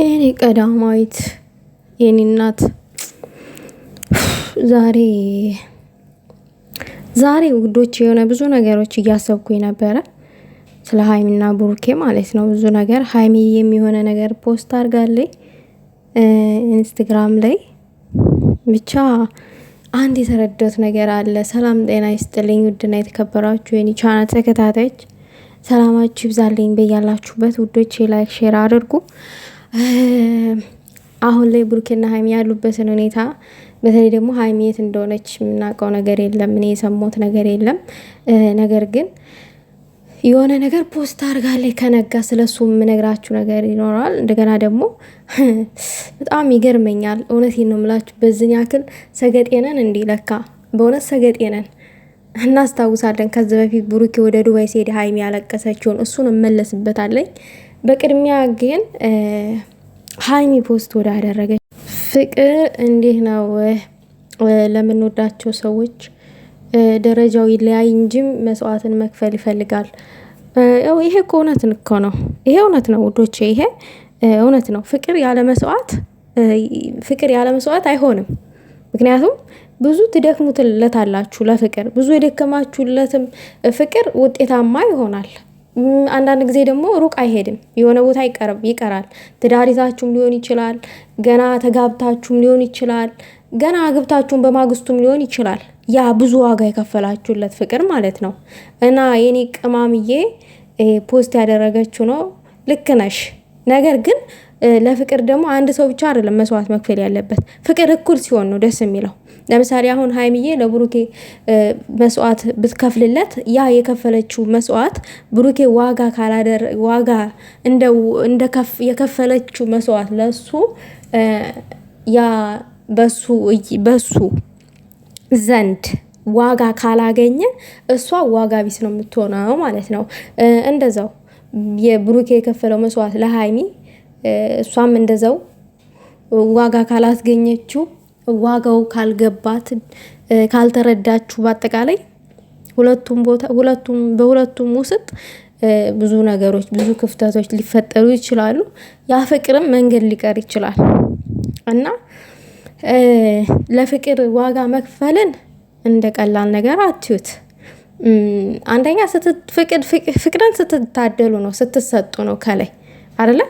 የኔ ቀዳማዊት የኔ እናት ዛሬ ዛሬ ውዶች የሆነ ብዙ ነገሮች እያሰብኩኝ ነበረ ስለ ሀይሚና ብሩኬ ማለት ነው። ብዙ ነገር ሀይሚ የሚሆነ ነገር ፖስት አድርጋለች ኢንስታግራም ላይ ብቻ አንድ የተረዳሁት ነገር አለ። ሰላም ጤና ይስጥልኝ። ውድና የተከበራችሁ የኔ ቻናል ተከታታዮች ሰላማችሁ ይብዛልኝ በያላችሁበት። ውዶች ላይክ ሼር አድርጉ። አሁን ላይ ብሩኬና ሀይሚ ያሉበትን ሁኔታ በተለይ ደግሞ ሀይሚ የት እንደሆነች የምናውቀው ነገር የለም። እኔ የሰሞት ነገር የለም። ነገር ግን የሆነ ነገር ፖስት አርጋ ላይ ከነጋ ስለሱ የምነግራችሁ ነገር ይኖረዋል። እንደገና ደግሞ በጣም ይገርመኛል። እውነቴን ነው የምላችሁ። በዝን ያክል ሰገጤነን እንዲህ ለካ በእውነት ሰገጤነን እናስታውሳለን። ከዚህ በፊት ብሩኬ ወደ ዱባይ ሲሄድ ሀይሚ ያለቀሰችውን እሱን እመለስበታለኝ። በቅድሚያ ግን ሀይሚ ፖስት ወደ አደረገች ፍቅር እንዲህ ነው። ለምንወዳቸው ሰዎች ደረጃው ይለያይ እንጂም መስዋዕትን መክፈል ይፈልጋል። ይሄ እኮ እውነት እኮ ነው። ይሄ እውነት ነው ውዶቼ፣ ይሄ እውነት ነው። ፍቅር ያለ መስዋዕት ፍቅር ያለ መስዋዕት አይሆንም። ምክንያቱም ብዙ ትደክሙትለታላችሁ ለፍቅር ብዙ የደከማችሁለትም ፍቅር ውጤታማ ይሆናል። አንዳንድ ጊዜ ደግሞ ሩቅ አይሄድም፣ የሆነ ቦታ ይቀራል። ትዳር ይዛችሁም ሊሆን ይችላል፣ ገና ተጋብታችሁም ሊሆን ይችላል፣ ገና አግብታችሁም በማግስቱም ሊሆን ይችላል። ያ ብዙ ዋጋ የከፈላችሁለት ፍቅር ማለት ነው። እና የኔ ቅማምዬ ፖስት ያደረገችው ነው። ልክ ነሽ፣ ነገር ግን ለፍቅር ደግሞ አንድ ሰው ብቻ አይደለም መስዋዕት መክፈል ያለበት። ፍቅር እኩል ሲሆን ነው ደስ የሚለው። ለምሳሌ አሁን ሀይሚዬ ለብሩኬ መስዋዕት ብትከፍልለት ያ የከፈለችው መስዋዕት ብሩኬ ዋጋ ካላደረ ዋጋ የከፈለችው መስዋዕት ለሱ ያ በሱ በሱ ዘንድ ዋጋ ካላገኘ እሷ ዋጋ ቢስ ነው የምትሆነው ማለት ነው። እንደዛው የብሩኬ የከፈለው መስዋዕት ለሀይሚ እሷም እንደዛው ዋጋ ካላስገኘችው ዋጋው ካልገባት ካልተረዳችሁ በአጠቃላይ ሁለቱም ቦታ ሁለቱም በሁለቱም ውስጥ ብዙ ነገሮች ብዙ ክፍተቶች ሊፈጠሩ ይችላሉ። ያ ፍቅርም መንገድ ሊቀር ይችላል እና ለፍቅር ዋጋ መክፈልን እንደ ቀላል ነገር አትዩት። አንደኛ ፍቅርን ስትታደሉ ነው ስትሰጡ ነው ከላይ አይደለ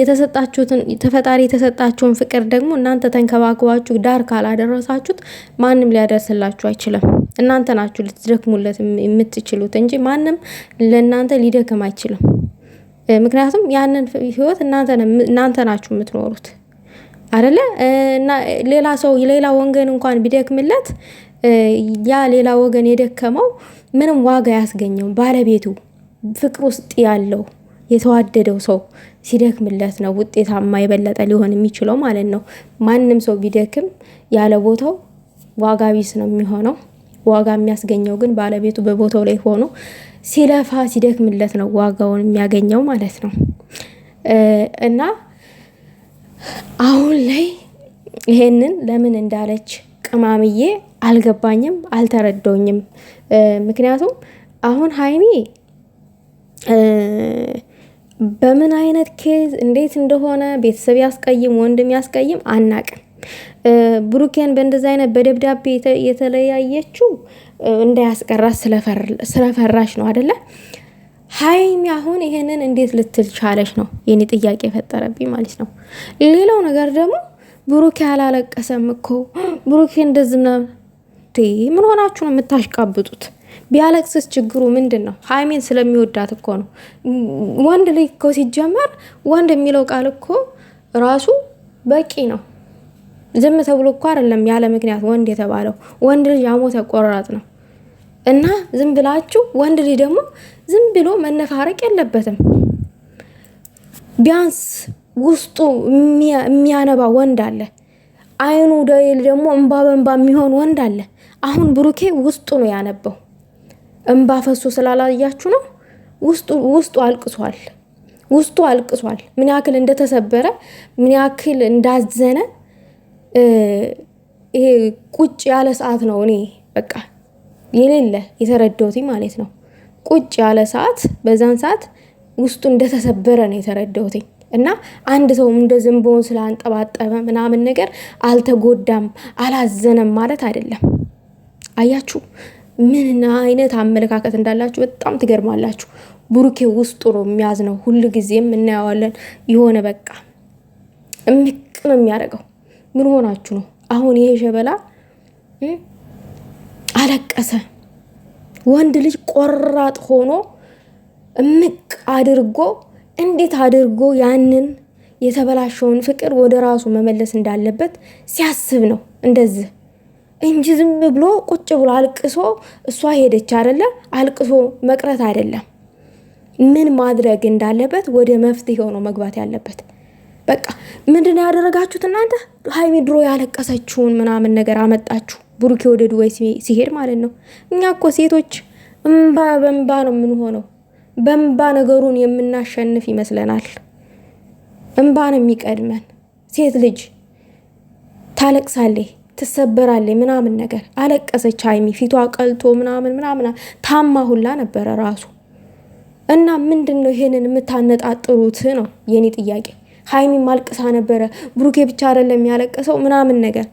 የተሰጣችሁትን ተፈጣሪ የተሰጣችሁን ፍቅር ደግሞ እናንተ ተንከባክባችሁ ዳር ካላደረሳችሁት ማንም ሊያደርስላችሁ አይችልም። እናንተ ናችሁ ልትደክሙለት የምትችሉት እንጂ ማንም ለእናንተ ሊደክም አይችልም። ምክንያቱም ያንን ህይወት እናንተ ናችሁ የምትኖሩት አደለ ሌላ ሰው ሌላ ወገን እንኳን ቢደክምለት ያ ሌላ ወገን የደከመው ምንም ዋጋ ያስገኘው ባለቤቱ ፍቅር ውስጥ ያለው የተዋደደው ሰው ሲደክምለት ነው ውጤታማ የበለጠ ሊሆን የሚችለው ማለት ነው። ማንም ሰው ቢደክም ያለ ቦታው ዋጋ ቢስ ነው የሚሆነው። ዋጋ የሚያስገኘው ግን ባለቤቱ በቦታው ላይ ሆኖ ሲለፋ ሲደክምለት ነው ዋጋውን የሚያገኘው ማለት ነው። እና አሁን ላይ ይሄንን ለምን እንዳለች ቅማምዬ አልገባኝም፣ አልተረዳውኝም። ምክንያቱም አሁን ሀይሚ በምን አይነት ኬዝ እንዴት እንደሆነ ቤተሰብ ያስቀይም ወንድም ያስቀይም አናቅም። ብሩኬን በእንደዚ አይነት በደብዳቤ የተለያየችው እንዳያስቀራት ስለፈራሽ ነው አደለ? ሀይሚ አሁን ይሄንን እንዴት ልትል ቻለች ነው የኔ ጥያቄ የፈጠረብኝ ማለት ነው። ሌላው ነገር ደግሞ ብሩኬ አላለቀሰም እኮ ብሩኬ እንደዚህ ምናምን ምን ሆናችሁ ነው የምታሽቃብጡት? ቢያለቅስስ ችግሩ ምንድን ነው? ሀይሜን ስለሚወዳት እኮ ነው። ወንድ ልጅ እኮ ሲጀመር ወንድ የሚለው ቃል እኮ ራሱ በቂ ነው። ዝም ተብሎ እኮ አይደለም ያለ ምክንያት ወንድ የተባለው። ወንድ ልጅ አሞ ተቆራጥ ነው እና ዝም ብላችሁ ወንድ ልጅ ደግሞ ዝም ብሎ መነፋረቅ የለበትም። ቢያንስ ውስጡ የሚያነባ ወንድ አለ። አይኑ ደግሞ እንባ በንባ የሚሆን ወንድ አለ። አሁን ብሩኬ ውስጡ ነው ያነበው። እምባፈሶ ስላላያችሁ ነው። ውስጡ አልቅሷል። ውስጡ አልቅሷል። ምን ያክል እንደተሰበረ ምን ያክል እንዳዘነ ይሄ ቁጭ ያለ ሰዓት ነው። እኔ በቃ የሌለ የተረዳሁት ማለት ነው። ቁጭ ያለ ሰዓት፣ በዛን ሰዓት ውስጡ እንደተሰበረ ነው የተረዳሁት። እና አንድ ሰው እንደ ዝንቦውን ስላንጠባጠበ ምናምን ነገር አልተጎዳም አላዘነም ማለት አይደለም። አያችሁ ምን አይነት አመለካከት እንዳላችሁ በጣም ትገርማላችሁ። ብሩኬ ውስጡ ነው ነው ሁሉ ጊዜም እናየዋለን። የሆነ በቃ እምቅ ነው የሚያደርገው። ምን ሆናችሁ ነው አሁን? ይሄ ሸበላ አለቀሰ። ወንድ ልጅ ቆራጥ ሆኖ እምቅ አድርጎ እንዴት አድርጎ ያንን የተበላሸውን ፍቅር ወደ ራሱ መመለስ እንዳለበት ሲያስብ ነው እንደዚህ እንጂ ዝም ብሎ ቁጭ ብሎ አልቅሶ እሷ ሄደች አይደለ? አልቅሶ መቅረት አይደለም። ምን ማድረግ እንዳለበት ወደ መፍትሄ ሆኖ መግባት ያለበት። በቃ ምንድን ነው ያደረጋችሁት እናንተ? ሀይሚ ድሮ ያለቀሰችውን ምናምን ነገር አመጣችሁ። ብሩኬ ወደ ዱባይ ሲሄድ ማለት ነው። እኛ እኮ ሴቶች እምባ በእምባ ነው የምንሆነው። በእምባ ነገሩን የምናሸንፍ ይመስለናል። እምባ ነው የሚቀድመን። ሴት ልጅ ታለቅሳለች። ትሰበራለች ምናምን ነገር አለቀሰች። ሀይሚ ፊቷ ቀልቶ ምናምን ምናምን ታማ ሁላ ነበረ ራሱ እና ምንድን ነው ይሄንን የምታነጣጥሩት ነው የኔ ጥያቄ። ሀይሚ አልቅሳ ነበረ። ብሩኬ ብቻ አይደለም ያለቀሰው ምናምን ነገር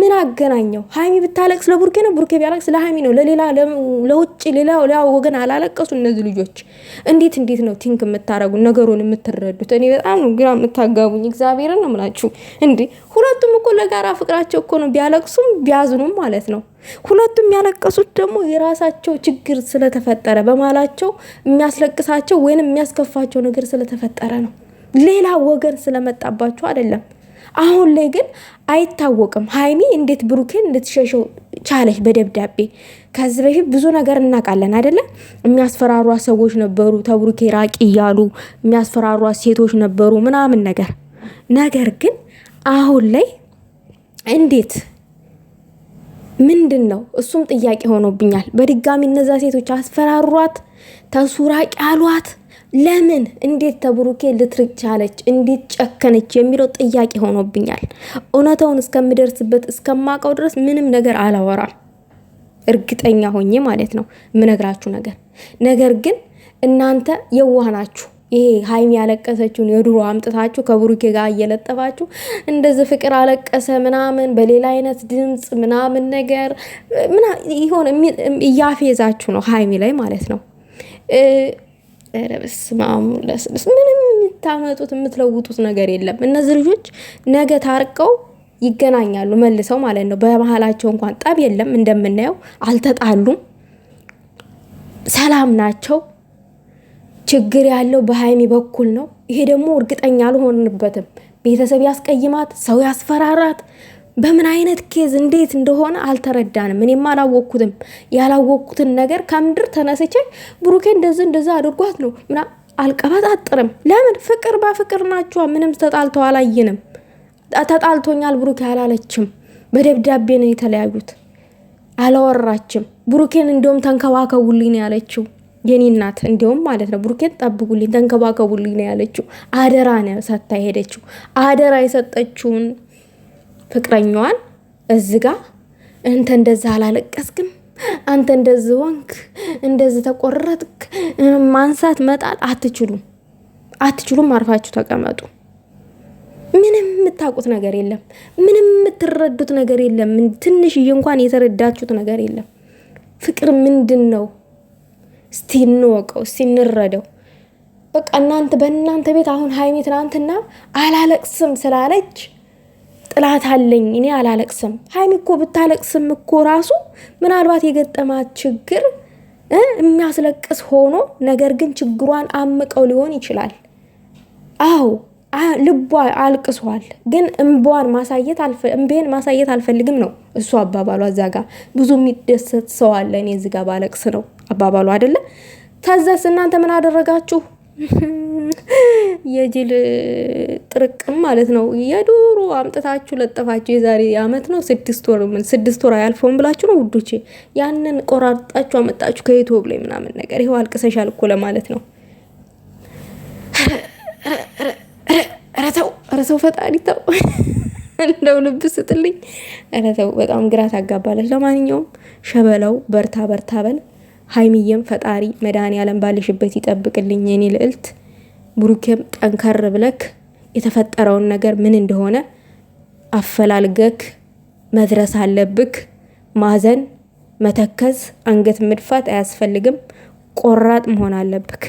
ምን አገናኘው? ሀይሚ ብታለቅስ ለቡርኬ ነው፣ ቡርኬ ቢያለቅስ ለሀይሚ ነው። ለሌላ ለውጭ ሌላ ወገን አላለቀሱ እነዚህ ልጆች። እንዴት እንዴት ነው ቲንክ የምታረጉ ነገሩን የምትረዱት? እኔ በጣም ግራ የምታጋቡኝ። እግዚአብሔርን ነው የምላችሁ። እንዴ ሁለቱም እኮ ለጋራ ፍቅራቸው እኮ ነው ቢያለቅሱም ቢያዝኑም ማለት ነው። ሁለቱም ያለቀሱት ደግሞ የራሳቸው ችግር ስለተፈጠረ በማላቸው የሚያስለቅሳቸው ወይንም የሚያስከፋቸው ነገር ስለተፈጠረ ነው። ሌላ ወገን ስለመጣባቸው አይደለም። አሁን ላይ ግን አይታወቅም ሀይሚ እንዴት ብሩኬን እንድትሸሸው ቻለች በደብዳቤ። ከዚህ በፊት ብዙ ነገር እናውቃለን አይደለም። የሚያስፈራሯ ሰዎች ነበሩ፣ ተብሩኬ ራቂ እያሉ የሚያስፈራሯ ሴቶች ነበሩ ምናምን ነገር። ነገር ግን አሁን ላይ እንዴት ምንድን ነው እሱም ጥያቄ ሆኖብኛል። በድጋሚ እነዛ ሴቶች አስፈራሯት፣ ተሱራቂ አሏት። ለምን እንዴት ተብሩኬ ልትርቅ ቻለች? እንዴት ጨከነች? የሚለው ጥያቄ ሆኖብኛል። እውነታውን እስከምደርስበት እስከማውቀው ድረስ ምንም ነገር አላወራም፣ እርግጠኛ ሆኜ ማለት ነው የምነግራችሁ ነገር። ነገር ግን እናንተ የዋህ ናችሁ። ይሄ ሀይሚ ያለቀሰችውን የድሮ አምጥታችሁ ከብሩኬ ጋር እየለጠፋችሁ እንደዚህ ፍቅር አለቀሰ ምናምን በሌላ አይነት ድምፅ ምናምን ነገር ይሆን እያፌዛችሁ ነው ሀይሚ ላይ ማለት ነው። ኧረ በስመ አብ ለስልስ ምንም የምታመጡት የምትለውጡት ነገር የለም። እነዚህ ልጆች ነገ ታርቀው ይገናኛሉ መልሰው ማለት ነው። በመሀላቸው እንኳን ጠብ የለም፣ እንደምናየው አልተጣሉም፣ ሰላም ናቸው። ችግር ያለው በሀይሚ በኩል ነው። ይሄ ደግሞ እርግጠኛ አልሆንበትም። ቤተሰብ ያስቀይማት፣ ሰው ያስፈራራት በምን አይነት ኬዝ እንዴት እንደሆነ አልተረዳንም። እኔም አላወቅኩትም። ያላወቅኩትን ነገር ከምድር ተነስቼ ብሩኬ እንደዚህ እንደዛ አድርጓት ነው ምና አልቀበጣጥርም። ለምን ፍቅር በፍቅር ናቸዋ። ምንም ተጣልተው አላየንም። ተጣልቶኛል ብሩኬ አላለችም። በደብዳቤ ነው የተለያዩት። አላወራችም። ብሩኬን እንዲሁም ተንከባከቡልኝ ያለችው። የኔ እናት እንዲሁም ማለት ነው ብሩኬን ጠብቁልኝ፣ ተንከባከቡልኝ ያለችው። አደራ ነው ሰታ ሄደችው። አደራ የሰጠችውን ፍቅረኛዋን እዝጋ እንተ እንደዛ አላለቀስክም አንተ እንደዚህ ወንክ እንደዚህ ተቆረጥክ ማንሳት መጣል አትችሉም፣ አትችሉም። አርፋችሁ ተቀመጡ። ምንም የምታውቁት ነገር የለም። ምንም የምትረዱት ነገር የለም። ትንሽዬ እንኳን የተረዳችሁት ነገር የለም። ፍቅር ምንድን ነው? እስቲ እንወቀው፣ እስቲ እንረደው። በቃ እናንተ በእናንተ ቤት አሁን ሀይሚ ትናንትና አላለቅስም ስላለች ጥላት አለኝ እኔ አላለቅስም። ሀይሚ እኮ ብታለቅስም እኮ ራሱ ምናልባት የገጠማት ችግር የሚያስለቅስ ሆኖ ነገር ግን ችግሯን አምቀው ሊሆን ይችላል። አዎ ልቧ አልቅሷል፣ ግን እምቧን ማሳየት እምቤን ማሳየት አልፈልግም ነው እሱ አባባሏ። እዛ ጋ ብዙ የሚደሰት ሰው አለ እኔ እዚህ ጋ ባለቅስ ነው አባባሏ አይደለ? ተዘስ እናንተ ምን አደረጋችሁ? የጅል ጥርቅም ማለት ነው። የዶሮ አምጥታችሁ ለጠፋችሁ የዛሬ አመት ነው ስድስት ወር ምን ስድስት ወር አያልፈውም ብላችሁ ነው ውዶች፣ ያንን ቆራርጣችሁ አመጣችሁ ከየቶ ብሎ ምናምን ነገር ይኸው አልቅሰሻል እኮ ለማለት ነው። ረተው ፈጣሪ ተው እንደው ልብ ስጥልኝ። ረተው በጣም ግራ ታጋባለች። ለማንኛውም ሸበላው በርታ በርታ በል። ሀይሚዬም ፈጣሪ መድኃኔ ያለም ባለሽበት ይጠብቅልኝ የኔ ልዕልት። ብሩኬም ጠንከር ብለክ የተፈጠረውን ነገር ምን እንደሆነ አፈላልገክ መድረስ አለብክ። ማዘን፣ መተከዝ፣ አንገት መድፋት አያስፈልግም። ቆራጥ መሆን አለብክ።